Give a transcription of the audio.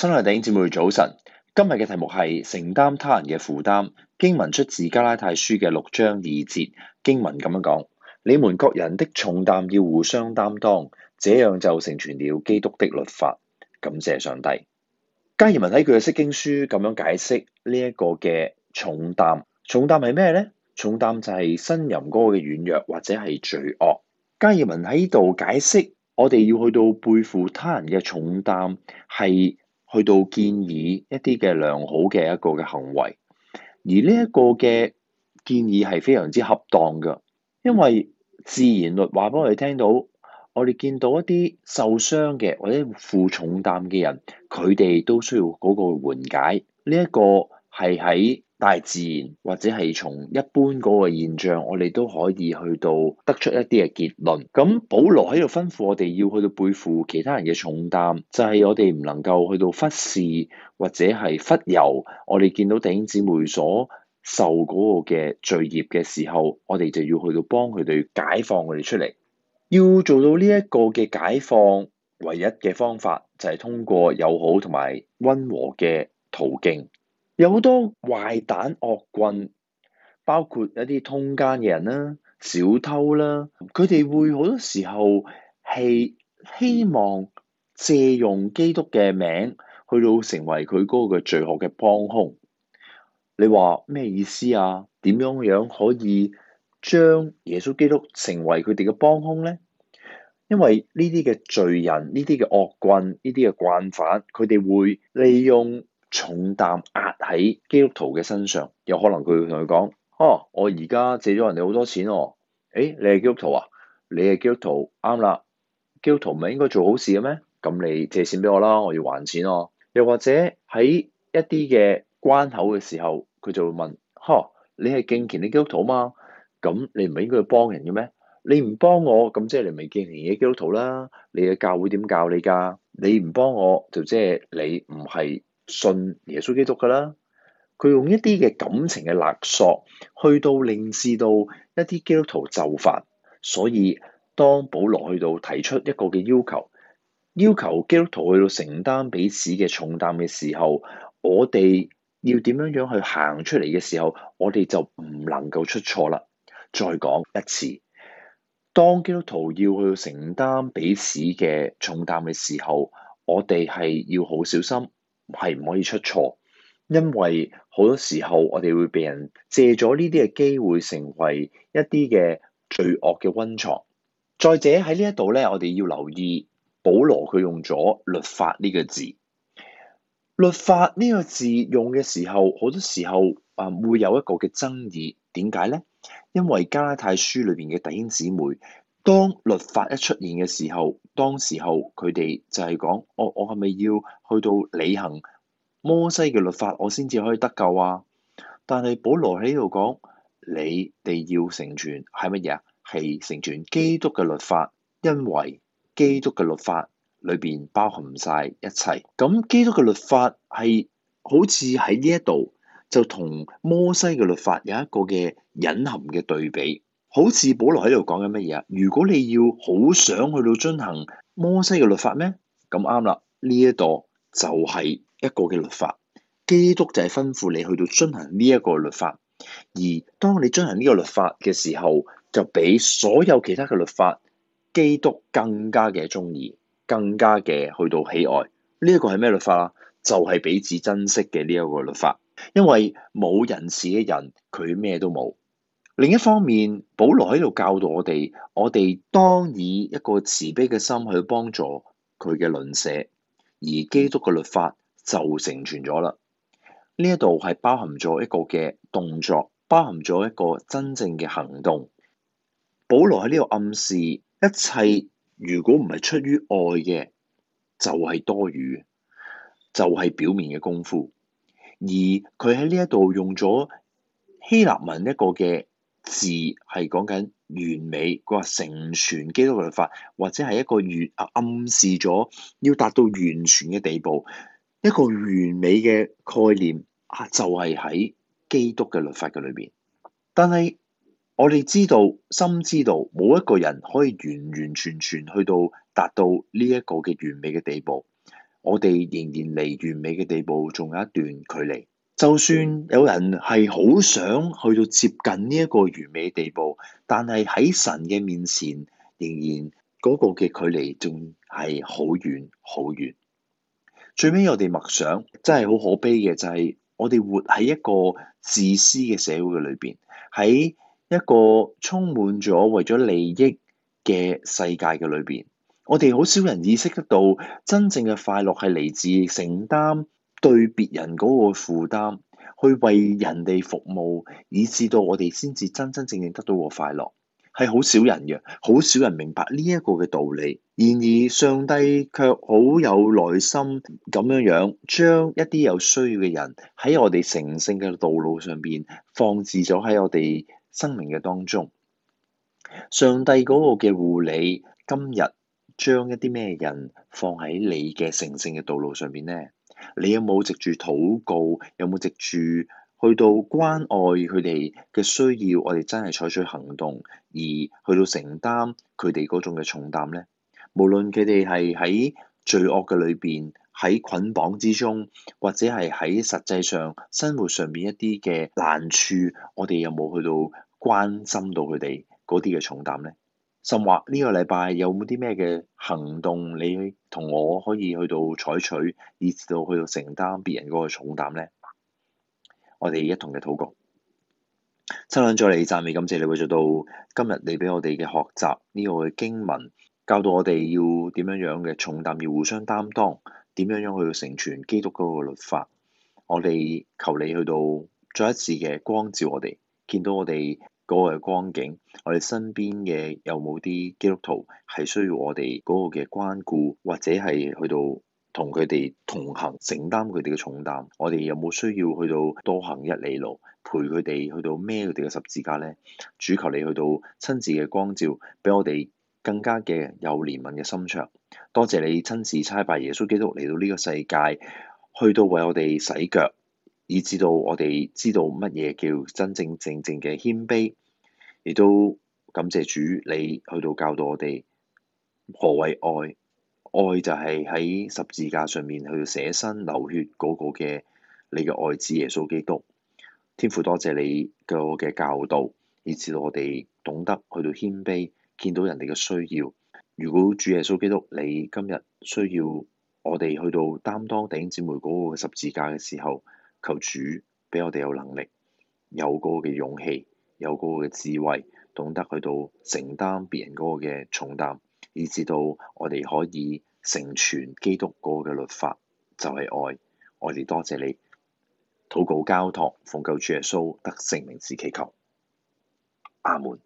新來弟兄姊妹早晨，今日嘅題目係承擔他人嘅負擔。經文出自加拉太書嘅六章二節，經文咁樣講：你們各人的重擔要互相擔當，這樣就成全了基督的律法。感謝上帝。加爾文喺佢嘅釋經書咁樣解釋呢一個嘅重擔，重擔係咩呢？重擔就係呻吟嗰個嘅軟弱或者係罪惡。加爾文喺度解釋，我哋要去到背負他人嘅重擔，係。去到建議一啲嘅良好嘅一個嘅行為，而呢一個嘅建議係非常之恰當㗎，因為自然律話俾我哋聽到，我哋見到一啲受傷嘅或者負重擔嘅人，佢哋都需要嗰個緩解，呢、這、一個係喺。大自然或者係從一般嗰個現象，我哋都可以去到得出一啲嘅結論。咁保羅喺度吩咐我哋要去到背負其他人嘅重擔，就係、是、我哋唔能夠去到忽視或者係忽悠。我哋見到弟兄姊妹所受嗰個嘅罪孽嘅時候，我哋就要去到幫佢哋解放佢哋出嚟。要做到呢一個嘅解放，唯一嘅方法就係通過友好同埋溫和嘅途徑。有好多壞蛋惡棍，包括一啲通姦嘅人啦、小偷啦，佢哋會好多時候係希望借用基督嘅名去到成為佢嗰個嘅罪惡嘅幫兇。你話咩意思啊？點樣樣可以將耶穌基督成為佢哋嘅幫兇咧？因為呢啲嘅罪人、呢啲嘅惡棍、呢啲嘅慣犯，佢哋會利用重擔壓喺基督徒嘅身上，有可能佢會同佢講：啊、哦，我而家借咗人哋好多錢喎。誒，你係基督徒啊？你係基督徒啱啦。基督徒唔係應該做好事嘅咩？咁你借錢俾我啦，我要還錢咯、哦。又或者喺一啲嘅關口嘅時候，佢就會問：呵、啊，你係敬虔嘅基督徒嘛？咁你唔係應該去幫人嘅咩？你唔幫我，咁即係你唔係敬虔嘅基督徒啦。你嘅教會點教你㗎？你唔幫我，就即係你唔係。信耶穌基督噶啦，佢用一啲嘅感情嘅勒索去到，令至到一啲基督徒就範。所以當保羅去到提出一個嘅要求，要求基督徒去到承擔彼此嘅重擔嘅時候，我哋要點樣樣去行出嚟嘅時候，我哋就唔能夠出錯啦。再講一次，當基督徒要去承擔彼此嘅重擔嘅時候，我哋係要好小心，係唔可以出錯，因為好多時候我哋會被人借咗呢啲嘅機會，成為一啲嘅罪惡嘅溫床。再者喺呢一度咧，我哋要留意保羅佢用咗律法呢個字。律法呢個字用嘅時候，好多時候啊會有一個嘅爭議，點解咧？因為加拉太書裏邊嘅弟兄姊妹。當律法一出現嘅時候，當時候佢哋就係講：我我係咪要去到履行摩西嘅律法，我先至可以得救啊？但係保羅喺度講：你哋要成全係乜嘢啊？係成全基督嘅律法，因為基督嘅律法裏邊包含晒一切。咁基督嘅律法係好似喺呢一度就同摩西嘅律法有一個嘅隱含嘅對比。好似保羅喺度講緊乜嘢啊？如果你要好想去到遵行摩西嘅律法咩？咁啱啦，呢一個就係一個嘅律法。基督就係吩咐你去到遵行呢一個律法。而當你遵行呢個律法嘅時候，就比所有其他嘅律法，基督更加嘅中意，更加嘅去到喜愛。呢一個係咩律法啊？就係彼此珍惜嘅呢一個律法。因為冇仁慈嘅人，佢咩都冇。另一方面，保羅喺度教導我哋，我哋當以一個慈悲嘅心去幫助佢嘅鄰舍，而基督嘅律法就成全咗啦。呢一度係包含咗一個嘅動作，包含咗一個真正嘅行動。保羅喺呢度暗示，一切如果唔係出於愛嘅，就係多餘，就係表面嘅功夫。而佢喺呢一度用咗希臘文一個嘅。字係講緊完美，佢話成全基督嘅律法，或者係一個完啊，暗示咗要達到完全嘅地步，一個完美嘅概念啊就係喺基督嘅律法嘅裏邊。但係我哋知道，深知道冇一個人可以完完全全去到達到呢一個嘅完美嘅地步，我哋仍然離完美嘅地步仲有一段距離。就算有人係好想去到接近呢一個完美地步，但係喺神嘅面前，仍然嗰個嘅距離仲係好遠好遠。最尾我哋默想，真係好可悲嘅就係、是、我哋活喺一個自私嘅社會嘅裏邊，喺一個充滿咗為咗利益嘅世界嘅裏邊，我哋好少人意識得到真正嘅快樂係嚟自承擔。對別人嗰個負擔，去為人哋服務，以至到我哋先至真真正正得到個快樂，係好少人嘅，好少人明白呢一個嘅道理。然而上帝卻好有耐心咁樣樣，將一啲有需要嘅人喺我哋成聖嘅道路上邊放置咗喺我哋生命嘅當中。上帝嗰個嘅護理，今日將一啲咩人放喺你嘅成聖嘅道路上邊呢？你有冇藉住禱告，有冇藉住去到關愛佢哋嘅需要，我哋真係採取行動而去到承擔佢哋嗰種嘅重擔呢？無論佢哋係喺罪惡嘅裏邊，喺捆綁之中，或者係喺實際上生活上面一啲嘅難處，我哋有冇去到關心到佢哋嗰啲嘅重擔呢？甚至呢個禮拜有冇啲咩嘅行動，你同我可以去到採取，以至到去到承擔別人嗰個重擔呢？我哋一同嘅禱告，親恩再嚟讚美，感謝你會做到今日，你俾我哋嘅學習呢個嘅經文，教到我哋要點樣樣嘅重擔要互相擔當，點樣樣去到成全基督嗰個律法。我哋求你去到再一次嘅光照我哋，見到我哋。嗰個光景，我哋身邊嘅有冇啲基督徒係需要我哋嗰個嘅關顧，或者係去到同佢哋同行，承擔佢哋嘅重擔？我哋有冇需要去到多行一里路，陪佢哋去到孭佢哋嘅十字架呢？主求你去到親自嘅光照，俾我哋更加嘅有憐憫嘅心腸。多謝你親自差派耶穌基督嚟到呢個世界，去到為我哋洗腳，以至到我哋知道乜嘢叫真正正正嘅謙卑。亦都感謝主，你去到教導我哋何為愛，愛就係喺十字架上面去捨身流血嗰個嘅你嘅愛子耶穌基督。天父多謝你嘅嘅教導，以至我哋懂得去到謙卑，見到人哋嘅需要。如果主耶穌基督，你今日需要我哋去到擔當弟兄姊妹嗰個十字架嘅時候，求主俾我哋有能力，有個嘅勇氣。有嗰個嘅智慧，懂得去到承擔別人嗰個嘅重擔，以至到我哋可以成全基督嗰個嘅律法，就係、是、愛。我哋多謝你，禱告交託，奉救主耶穌得聖名之祈求。阿門。